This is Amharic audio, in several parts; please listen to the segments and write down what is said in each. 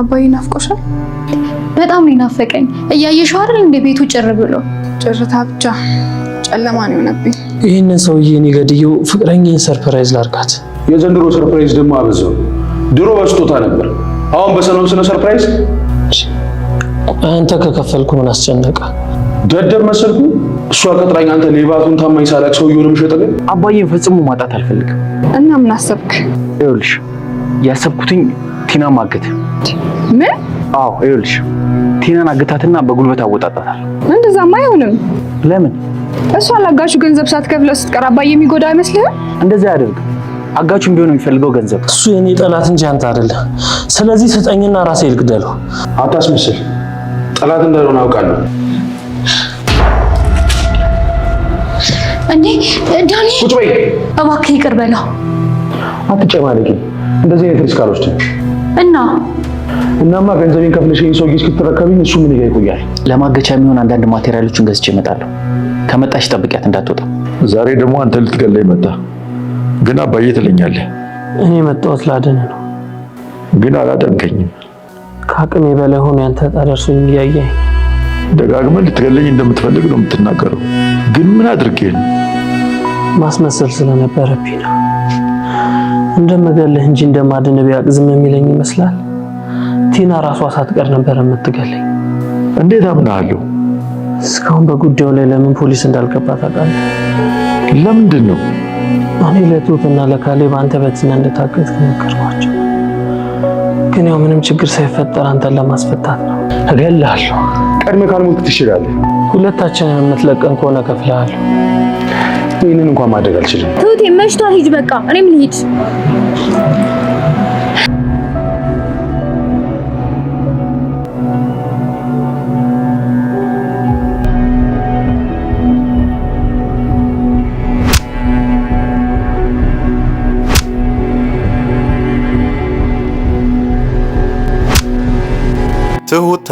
አባዬ ናፍቆሻል? በጣም ነው ናፈቀኝ። እያየሽው አይደል እንደ ቤቱ ጭር ብሎ ጭርታ ብቻ ጨለማ ነው የሆነብኝ። ይህንን ሰውዬ እኔ ገድዬው ፍቅረኛን ሰርፕራይዝ ላርጋት። የዘንድሮ ሰርፕራይዝ ደግሞ አበዛው። ድሮ በስጦታ ነበር፣ አሁን በሰላም ስነ ሰርፕራይዝ። አንተ ከከፈልኩ ምን አስጨነቀ? ደደብ መሰልኩ። እሷ ቀጥራኝ፣ አንተ ሌባቱን ታማኝ ሳላቅ ሰውዬውን ምሸጠለ። አባዬን ፈጽሞ ማጣት አልፈልግም። እና ምን አሰብክ? ይኸውልሽ ያሰብኩትኝ ቲና ማገት ምን? አዎ ይኸውልሽ፣ ቲናን አግታትና በጉልበት አወጣጣታል። እንደዛማ አይሆንም። ለምን? እሷ ለአጋቹ ገንዘብ ሳትከፍለው ስትቀራባ የሚጎዳ አይመስልህም? እንደዛ አያደርግም። አጋቹም ቢሆን የሚፈልገው ገንዘብ እሱ የኔ ጠላት እንጂ አንተ አይደለም። ስለዚህ ስጠኝና ራሴ ልግደለው። አታስመስል። ጠላት እንዳልሆነ አውቃለሁ። እንዴ ዳኒ፣ ቁጭ በይ እባክህ። ይቅር በለው። አትጨማለቂ። እንደዚህ አይነት ሪስክ አልወስድም እና እናማ ገንዘቤን ከፍለሽ ይሄን ሰውዬ እስክትረከብኝ እሱ ምን ጋር ይቆያል? ለማገቻ የሚሆን አንዳንድ ማቴሪያሎችን ገዝቼ እመጣለሁ። ከመጣሽ ጠብቂያት እንዳትወጣ። ዛሬ ደግሞ አንተ ልትገለኝ መጣ። ግን አባዬ ትለኛለህ። እኔ መጣሁት ላድን ነው። ግን አላጠንከኝም። ከአቅሜ በላይ ሆኖ ያንተ ዕጣ ደርሶኝ እያየኝ ደጋግመን ልትገለኝ እንደምትፈልግ ነው የምትናገረው። ግን ምን አድርጌ ነው? ማስመሰል ስለነበረብኝ ነው። እንደምገልህ እንጂ እንደማድን ቢያቅ ዝም የሚለኝ ይመስላል። ቲና ራሷ ሳትቀር ነበር የምትገለኝ። እንዴት አምናለሁ? እስካሁን በጉዳዩ ላይ ለምን ፖሊስ እንዳልገባ ታውቃለህ? ለምንድን ነው? እኔ ለትሁት እና ለካሌብ አንተ በቲና እንደታገትክ ነገርኳቸው። ግን ያው ምንም ችግር ሳይፈጠር አንተን ለማስፈታት ነው። እገልሃለሁ። ቀድሜ ካልሞት ትችላለህ። ሁለታችንን የምትለቀን ከሆነ እከፍልሃለሁ። ይህንን እንኳን ማድረግ አልችልም። ትሁቴ መሽቷል፣ ሂጅ በቃ። እኔም ልሂድ።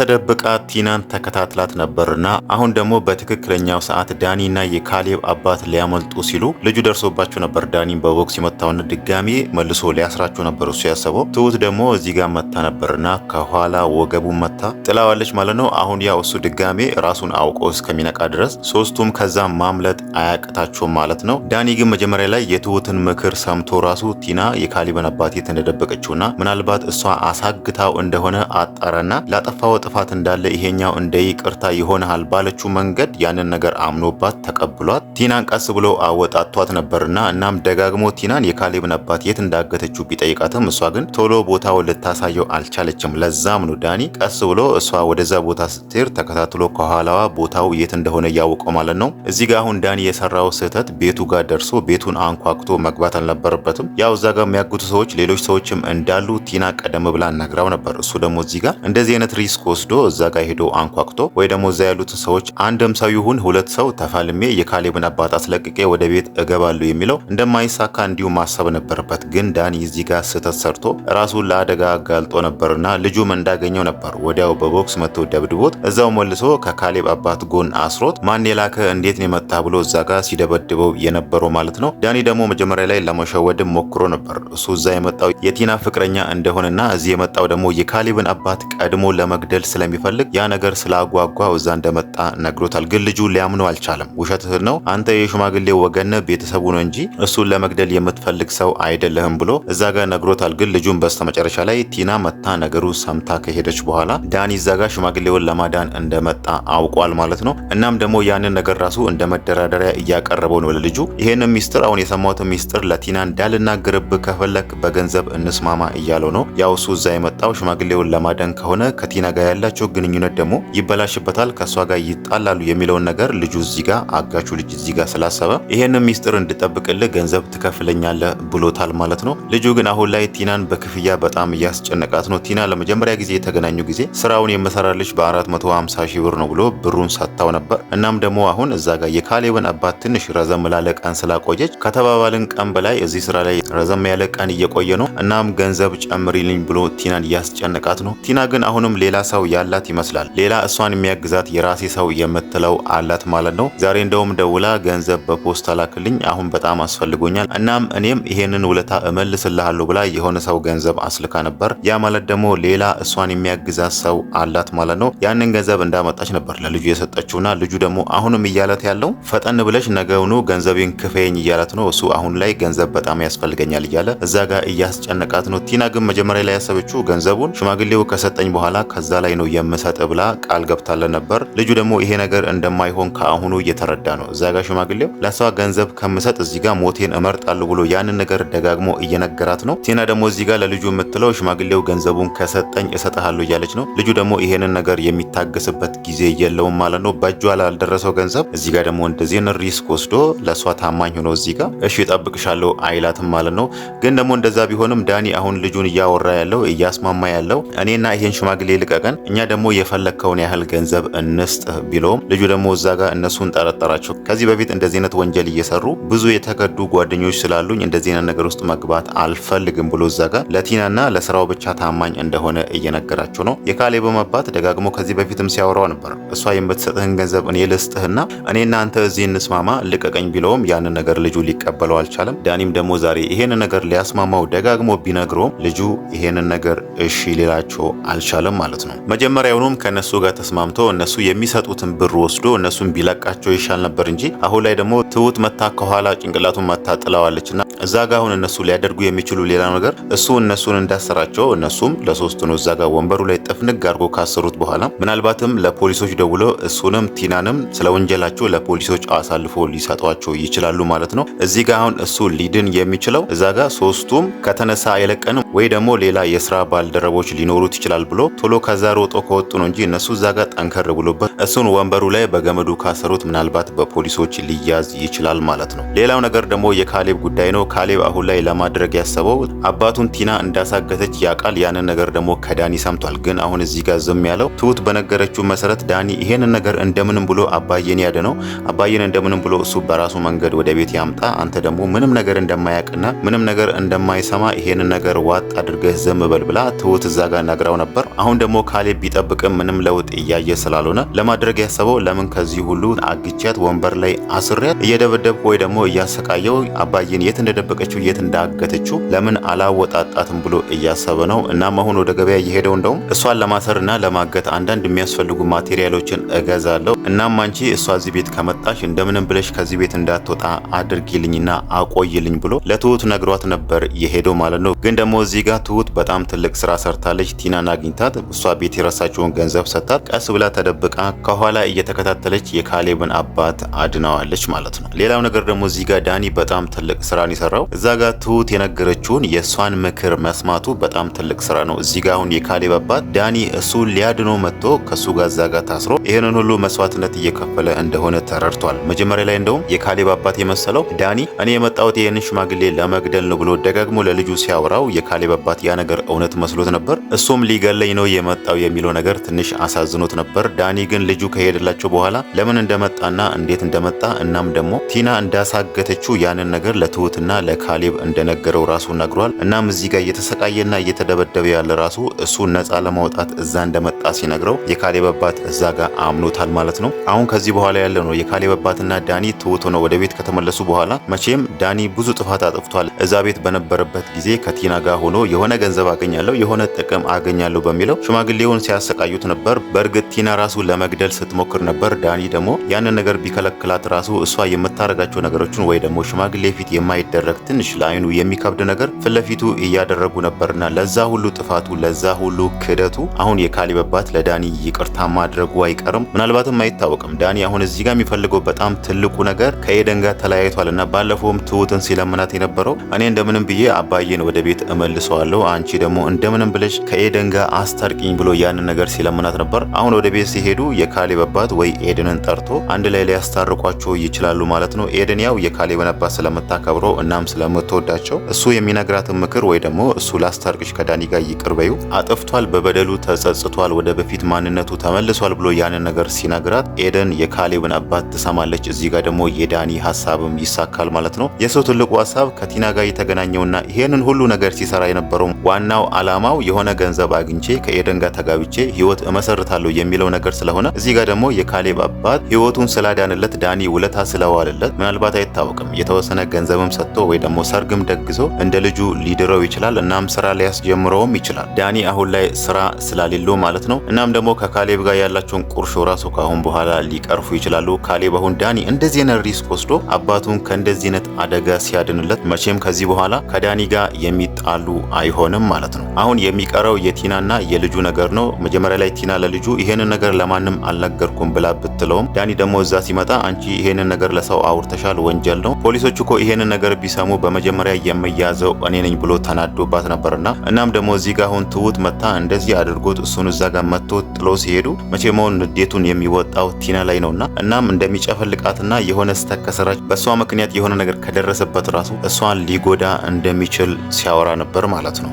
ተደብቃ ቲናን ተከታትላት ነበርና አሁን ደግሞ በትክክለኛው ሰዓት ዳኒና የካሌብ አባት ሊያመልጡ ሲሉ ልጁ ደርሶባቸው ነበር። ዳኒን በቦክስ የመታውን ድጋሜ መልሶ ሊያስራቸው ነበር እሱ ያሰበው። ትሁት ደግሞ እዚህ ጋር መታ ነበርና ከኋላ ወገቡ መታ ጥላዋለች ማለት ነው። አሁን ያው እሱ ድጋሜ ራሱን አውቆ እስከሚነቃ ድረስ ሶስቱም ከዛ ማምለጥ አያቅታቸውም ማለት ነው። ዳኒ ግን መጀመሪያ ላይ የትሁትን ምክር ሰምቶ ራሱ ቲና የካሊበን አባት የት እንደደበቀችውና ምናልባት እሷ አሳግታው እንደሆነ አጣራና ላጠፋው ጥፋት እንዳለ ይሄኛው እንደ ይቅርታ ይሆንሃል ባለችው መንገድ ያንን ነገር አምኖባት ተቀብሏት ቲናን ቀስ ብሎ አወጣቷት ነበርና እናም ደጋግሞ ቲናን የካሌብን አባት የት እንዳገተችው ቢጠይቃትም እሷ ግን ቶሎ ቦታውን ልታሳየው አልቻለችም። ለዛም ነው ዳኒ ቀስ ብሎ እሷ ወደዛ ቦታ ስትሄድ ተከታትሎ ከኋላዋ ቦታው የት እንደሆነ እያወቀው ማለት ነው። እዚህ ጋር አሁን ዳኒ የሰራው ስህተት ቤቱ ጋር ደርሶ ቤቱን አንኳኩቶ መግባት አልነበረበትም። ያው እዛ ጋር የሚያግቱ ሰዎች ሌሎች ሰዎችም እንዳሉ ቲና ቀደም ብላ ነግራው ነበር። እሱ ደግሞ እዚህ ጋር እንደዚህ አይነት ሪስክ ወስዶ እዛ ጋር ሄዶ አንኳኩቶ ወይ ደግሞ እዛ ያሉትን ሰዎች አንድም ሰው ይሁን ሁለት ሰው ተፋልሜ የካሌብን አባት አስለቅቄ ወደ ቤት እገባለሁ የሚለው እንደማይሳካ እንዲሁ ማሰብ ነበረበት። ግን ዳኒ እዚህ ጋር ስህተት ሰርቶ ራሱን ለአደጋ አጋልጦ ነበርና ልጁም እንዳገኘው ነበር ወዲያው በቦክስ መጥቶ ደብድቦት እዛው መልሶ ከካሌብ አባት ጎን አስሮት ማን የላከ እንዴት ነው የመጣ ብሎ እዛ ጋር ሲደበድበው የነበረው ማለት ነው። ዳኒ ደግሞ መጀመሪያ ላይ ለመሸወድም ሞክሮ ነበር። እሱ እዛ የመጣው የቲና ፍቅረኛ እንደሆነና እዚህ የመጣው ደግሞ የካሌብን አባት ቀድሞ ለመግደል ስለሚፈልግ ያ ነገር ስላጓጓ እዛ እንደመጣ ነግሮታል። ግን ልጁ ሊያምነው አልቻለም። ውሸትህን ነው አንተ የሽማግሌ ወገነ ቤተሰቡ ነው እንጂ እሱን ለመግደል የምትፈልግ ሰው አይደለህም ብሎ እዛ ጋር ነግሮታል። ግን ልጁን በስተመጨረሻ ላይ ቲና መታ ነገሩ ሰምታ ከሄደች በኋላ ዳኒ እዛ ጋር ሽማግሌውን ለማዳን እንደመጣ አውቋል ማለት ነው። እናም ደግሞ ያንን ነገር ራሱ እንደ መደራደሪያ እያቀረበው ነው ለልጁ። ይህን ሚስጥር አሁን የሰማሁትን ሚስጥር ለቲና እንዳልናገርብ ከፈለክ በገንዘብ እንስማማ እያለው ነው። ያው እሱ እዛ የመጣው ሽማግሌውን ለማዳን ከሆነ ከቲና ጋር ያላቸው ግንኙነት ደግሞ ይበላሽበታል፣ ከእሷ ጋር ይጣላሉ የሚለውን ነገር ልጁ እዚህ ጋር አጋቹ ልጅ እዚህ ጋር ስላሰበ ይሄን ሚስጥር እንድጠብቅልህ ገንዘብ ትከፍለኛለህ ብሎታል ማለት ነው። ልጁ ግን አሁን ላይ ቲናን በክፍያ በጣም እያስጨነቃት ነው። ቲና ለመጀመሪያ ጊዜ የተገናኙ ጊዜ ስራውን የምሰራልሽ በ450 ሺ ብር ነው ብሎ ብሩን ሰጥታው ነበር። እናም ደግሞ አሁን እዛ ጋር የካሌብን አባት ትንሽ ረዘም ላለ ቀን ስላቆየች ከተባባልን ቀን በላይ እዚህ ስራ ላይ ረዘም ያለ ቀን እየቆየ ነው። እናም ገንዘብ ጨምሪልኝ ብሎ ቲናን እያስጨነቃት ነው። ቲና ግን አሁንም ሌላ ሰው ሰው ያላት ይመስላል። ሌላ እሷን የሚያግዛት የራሴ ሰው የምትለው አላት ማለት ነው። ዛሬ እንደውም ደውላ ገንዘብ በፖስት አላክልኝ፣ አሁን በጣም አስፈልጎኛል፣ እናም እኔም ይሄንን ውለታ እመልስልሃለሁ ብላ የሆነ ሰው ገንዘብ አስልካ ነበር። ያ ማለት ደግሞ ሌላ እሷን የሚያግዛት ሰው አላት ማለት ነው። ያንን ገንዘብ እንዳመጣች ነበር ለልጁ የሰጠችውና ልጁ ደግሞ አሁንም እያለት ያለው ፈጠን ብለሽ ነገውኑ ገንዘቤን ክፈኝ እያለት ነው። እሱ አሁን ላይ ገንዘብ በጣም ያስፈልገኛል እያለ እዛ ጋር እያስጨነቃት ነው። ቲና ግን መጀመሪያ ላይ ያሰበችው ገንዘቡን ሽማግሌው ከሰጠኝ በኋላ ከዛ ላይ ላይ ነው የምሰጥ ብላ ቃል ገብታለን ነበር። ልጁ ደግሞ ይሄ ነገር እንደማይሆን ከአሁኑ እየተረዳ ነው። እዛ ጋር ሽማግሌው ለሷ ገንዘብ ከምሰጥ እዚህ ጋር ሞቴን እመርጣለሁ ብሎ ያንን ነገር ደጋግሞ እየነገራት ነው። ቲና ደግሞ እዚህ ጋር ለልጁ የምትለው ሽማግሌው ገንዘቡን ከሰጠኝ እሰጥሃለሁ እያለች ነው። ልጁ ደግሞ ይሄንን ነገር የሚታገስበት ጊዜ የለውም ማለት ነው። በእጇ ላልደረሰው ገንዘብ እዚህ ጋር ደግሞ እንደዚህን ሪስክ ወስዶ ለእሷ ታማኝ ሆኖ እዚህ ጋር እሺ እጠብቅሻለሁ አይላትም ማለት ነው። ግን ደግሞ እንደዛ ቢሆንም ዳኒ አሁን ልጁን እያወራ ያለው እያስማማ ያለው እኔና ይሄን ሽማግሌ ልቀቀን፣ እኛ ደግሞ የፈለግከውን ያህል ገንዘብ እንስጥህ ቢለውም ልጁ ደግሞ እዛ ጋር እነሱን ጠረጠራቸው። ከዚህ በፊት እንደዚህ አይነት ወንጀል እየሰሩ ብዙ የተከዱ ጓደኞች ስላሉኝ እንደዚህ አይነት ነገር ውስጥ መግባት አልፈልግም ብሎ እዛ ጋር ለቲናና ለስራው ብቻ ታማኝ እንደሆነ እየነገራቸው ነው። የካሌብም አባት ደጋግሞ ከዚህ በፊትም ሲያወራው ነበር። እሷ የምትሰጥህን ገንዘብ እኔ ልስጥህና እኔ እናንተ እዚህ እንስማማ ልቀቀኝ ቢለውም ያንን ነገር ልጁ ሊቀበለው አልቻለም። ዳኒም ደግሞ ዛሬ ይሄን ነገር ሊያስማማው ደጋግሞ ቢነግረውም ልጁ ይሄንን ነገር እሺ ሊላቸው አልቻለም ማለት ነው። መጀመሪያውኑም ከእነሱ ጋር ተስማምቶ እነሱ የሚሰጡትን ብር ወስዶ እነሱን ቢለቃቸው ይሻል ነበር እንጂ አሁን ላይ ደግሞ ትሁት መታ ከኋላ ጭንቅላቱን መታ ጥለዋለች ና እዛ ጋ አሁን እነሱ ሊያደርጉ የሚችሉ ሌላ ነገር እሱ እነሱን እንዳሰራቸው እነሱም ለሶስት ነው እዛ ጋ ወንበሩ ላይ ጥፍንግ አድርጎ ካሰሩት በኋላ ምናልባትም ለፖሊሶች ደውሎ እሱንም ቲናንም ስለ ወንጀላቸው ለፖሊሶች አሳልፎ ሊሰጧቸው ይችላሉ ማለት ነው። እዚህ ጋ አሁን እሱ ሊድን የሚችለው እዛ ጋ ሶስቱም ከተነሳ አይለቀንም ወይ ደግሞ ሌላ የስራ ባልደረቦች ሊኖሩት ይችላል ብሎ ቶሎ ከዛ ሮጦ ከወጡ ነው እንጂ እነሱ እዛ ጋር ጠንከር ብሎበት እሱን ወንበሩ ላይ በገመዱ ካሰሩት ምናልባት በፖሊሶች ሊያዝ ይችላል ማለት ነው። ሌላው ነገር ደግሞ የካሌብ ጉዳይ ነው። ካሌብ አሁን ላይ ለማድረግ ያሰበው አባቱን ቲና እንዳሳገተች ያውቃል። ያንን ነገር ደግሞ ከዳኒ ሰምቷል። ግን አሁን እዚህ ጋር ዝም ያለው ትሁት በነገረችው መሰረት ዳኒ ይሄንን ነገር እንደምንም ብሎ አባዬን ያደ ነው አባዬን እንደምንም ብሎ እሱ በራሱ መንገድ ወደ ቤት ያምጣ። አንተ ደግሞ ምንም ነገር እንደማያውቅና ምንም ነገር እንደማይሰማ ይሄንን ነገር ዋጥ አድርገህ ዝም በል ብላ ትሁት እዛ ጋር ነግራው ነበር። አሁን ደግሞ ካሌብ ቢጠብቅም ምንም ለውጥ እያየ ስላልሆነ ለማድረግ ያሰበው ለምን ከዚህ ሁሉ አግቻት ወንበር ላይ አስሪያት እየደበደብኩ ወይ ደግሞ እያሰቃየው አባዬን የት እንደደበቀችው የት እንዳገተችው ለምን አላወጣጣትም ብሎ እያሰበ ነው። እናም አሁን ወደ ገበያ እየሄደው እንደውም እሷን ለማሰርና ለማገት አንዳንድ የሚያስፈልጉ ማቴሪያሎችን እገዛለሁ። እናም አንቺ እሷ እዚህ ቤት ከመጣሽ እንደምንም ብለሽ ከዚህ ቤት እንዳትወጣ አድርጊልኝና አቆይልኝ ብሎ ለትሁት ነግሯት ነበር የሄደው ማለት ነው። ግን ደግሞ እዚህ ጋር ትሁት በጣም ትልቅ ስራ ሰርታለች። ቲናን አግኝታት እሷ ቤት የረሳችውን ገንዘብ ሰጥታት ቀስ ብላ ተደብቃ ከኋላ እየተከታተለች የካሌብን አባት አድናዋለች ማለት ነው። ሌላው ነገር ደግሞ እዚህ ጋር ዳኒ በጣም ትልቅ ስራን የሰራው እዛ ጋር ትሁት የነገረችውን የእሷን ምክር መስማቱ በጣም ትልቅ ስራ ነው። እዚህ ጋር አሁን የካሌብ አባት ዳኒ እሱ ሊያድኖ መጥቶ ከእሱ ጋር እዛ ጋር ታስሮ ይህንን ሁሉ መስዋዕትነት እየከፈለ እንደሆነ ተረድቷል። መጀመሪያ ላይ እንደውም የካሌብ አባት የመሰለው ዳኒ እኔ የመጣሁት ይህንን ሽማግሌ ለመግደል ነው ብሎ ደጋግሞ ለልጁ ሲያወራው የካሌብ አባት ያ ነገር እውነት መስሎት ነበር። እሱም ሊገለኝ ነው የመጣው የሚለው ነገር ትንሽ አሳዝኖት ነበር። ዳኒ ግን ግን ልጁ ከሄደላቸው በኋላ ለምን እንደመጣና እንዴት እንደመጣ እናም ደግሞ ቲና እንዳሳገተችው ያንን ነገር ለትሁትና ለካሌብ እንደነገረው ራሱ ነግሯል። እናም እዚህ ጋር እየተሰቃየና እየተደበደበ ያለ ራሱ እሱ ነፃ ለማውጣት እዛ እንደመጣ ሲነግረው የካሌብ አባት እዛ ጋር አምኖታል ማለት ነው። አሁን ከዚህ በኋላ ያለ ነው የካሌብ አባትና ዳኒ ትሁት ሆነው ወደ ቤት ከተመለሱ በኋላ መቼም ዳኒ ብዙ ጥፋት አጥፍቷል። እዛ ቤት በነበረበት ጊዜ ከቲና ጋር ሆኖ የሆነ ገንዘብ አገኛለሁ፣ የሆነ ጥቅም አገኛለሁ በሚለው ሽማግሌውን ሲያሰቃዩት ነበር። በእርግጥ ቲና ራሱ ለመ ለመግደል ስትሞክር ነበር። ዳኒ ደግሞ ያንን ነገር ቢከለክላት ራሱ እሷ የምታደርጋቸው ነገሮችን ወይ ደግሞ ሽማግሌ ፊት የማይደረግ ትንሽ ለአይኑ የሚከብድ ነገር ፊት ለፊቱ እያደረጉ ነበርና ለዛ ሁሉ ጥፋቱ ለዛ ሁሉ ክህደቱ አሁን የካሌብ አባት ለዳኒ ይቅርታ ማድረጉ አይቀርም፣ ምናልባትም አይታወቅም። ዳኒ አሁን እዚህ ጋር የሚፈልገው በጣም ትልቁ ነገር ከኤደን ጋር ተለያይቷል እና ባለፈውም ትሁትን ሲለምናት የነበረው እኔ እንደምንም ብዬ አባዬን ወደ ቤት እመልሰዋለሁ አንቺ ደግሞ እንደምንም ብለሽ ከኤደን ጋር ብሎ ያንን ነገር ሲለምናት ነበር። አሁን ወደ ቤት ሲሄዱ የካሌብ አባት ወይ ኤደንን ጠርቶ አንድ ላይ ሊያስታርቋቸው ይችላሉ ማለት ነው። ኤደን ያው የካሌብን አባት ስለምታከብረው እናም ስለምትወዳቸው እሱ የሚነግራትን ምክር ወይ ደግሞ እሱ ላስታርቅሽ ከዳኒ ጋር ይቅር በዩ አጥፍቷል፣ በበደሉ ተጸጽቷል፣ ወደ በፊት ማንነቱ ተመልሷል ብሎ ያንን ነገር ሲነግራት ኤደን የካሌብን አባት ትሰማለች። እዚህ ጋር ደግሞ የዳኒ ሀሳብም ይሳካል ማለት ነው። የሰው ትልቁ ሀሳብ ከቲና ጋር የተገናኘውና ይሄንን ሁሉ ነገር ሲሰራ የነበረው ዋናው አላማው የሆነ ገንዘብ አግኝቼ ከኤደን ጋር ተጋብቼ ህይወት እመሰርታለሁ የሚለው ነገር ስለሆነ እዚህ ጋር ደግሞ የካሌብ አባት ህይወቱን ስላዳንለት ዳኒ ውለታ ስለዋልለት ምናልባት አይታወቅም የተወሰነ ገንዘብም ሰጥቶ ወይ ደግሞ ሰርግም ደግሶ እንደ ልጁ ሊድረው ይችላል። እናም ስራ ሊያስጀምረውም ይችላል። ዳኒ አሁን ላይ ስራ ስላሌለው ማለት ነው። እናም ደግሞ ከካሌብ ጋር ያላቸውን ቁርሾ ራሱ ካሁን በኋላ ሊቀርፉ ይችላሉ። ካሌብ አሁን ዳኒ እንደዚህ አይነት ሪስክ ወስዶ አባቱን ከእንደዚህ አይነት አደጋ ሲያድንለት መቼም ከዚህ በኋላ ከዳኒ ጋር የሚጣሉ አይሆንም ማለት ነው። አሁን የሚቀረው የቲናና የልጁ ነገር ነው። መጀመሪያ ላይ ቲና ለልጁ ይሄንን ነገር ለማንም አልነገርኩም ብላ ብትለውም ዳኒ ደግሞ እዛ ሲመጣ አንቺ ይሄንን ነገር ለሰው አውርተሻል፣ ወንጀል ነው። ፖሊሶች እኮ ይሄንን ነገር ቢሰሙ በመጀመሪያ የሚያዘው እኔ ነኝ ብሎ ተናዶባት ነበርና እናም ደግሞ እዚህ ጋር አሁን ትሁት መታ እንደዚህ አድርጎት እሱን እዛ ጋር መጥቶ ጥሎ ሲሄዱ መቼ መሆን ንዴቱን የሚወጣው ቲና ላይ ነውና እናም እንደሚጨፈልቃትና የሆነ ስተት ከሰራች በእሷ ምክንያት የሆነ ነገር ከደረሰበት ራሱ እሷን ሊጎዳ እንደሚችል ሲያወራ ነበር ማለት ነው።